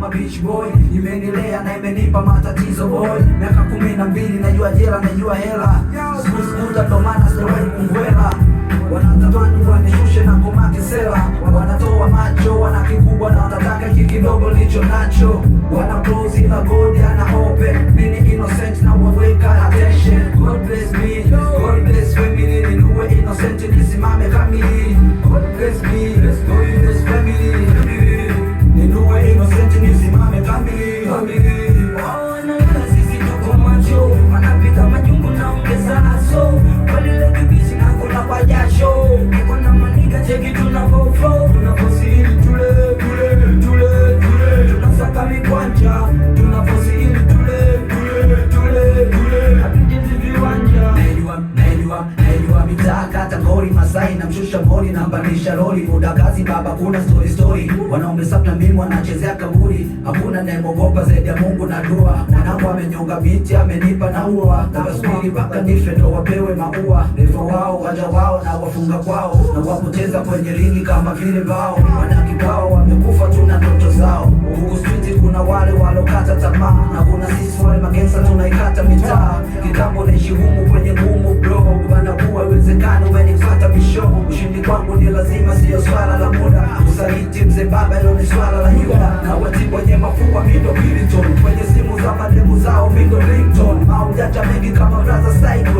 kama beach boy, imeendelea na imenipa matatizo boy. Miaka kumi na mbili najua jela, najua hela, sikuzibuta ndo maana sijawahi kumvwela. Wanatamani wanishushe na kumake sela, wanatoa macho, wana kikubwa na wanataka hiki kidogo nilicho nacho, wana close ila ana Masai namshusha mori na mpandisha lori, muda kazi baba, kuna story story, wanaume sapna mimi wanachezea kaburi, hakuna nayemogopa zaidi ya Mungu na dua. Mwanangu amenyonga binti amenipa na ua, nawasubiri mpaka nife ndo wapewe maua, refa wao waja nawafunga na wafunga kwao na wapoteza kwenye ringi kama vile bao kikao wamekufa tu na ndoto zao. Huku street kuna wale walokata tamaa na kuna sisi wale magensa tunaikata mitaa. Kitambo naishi humu kwenye gumu bro, bana kuwa iwezekani umenifata bisho. Ushindi kwangu ni lazima, siyo swala la muda. Usaliti mzee baba ilo ni swala la Yuda na wati kwenye mafua mindo Hilton kwenye simu za mademu zao mindo Rington au mengi kama braza cycle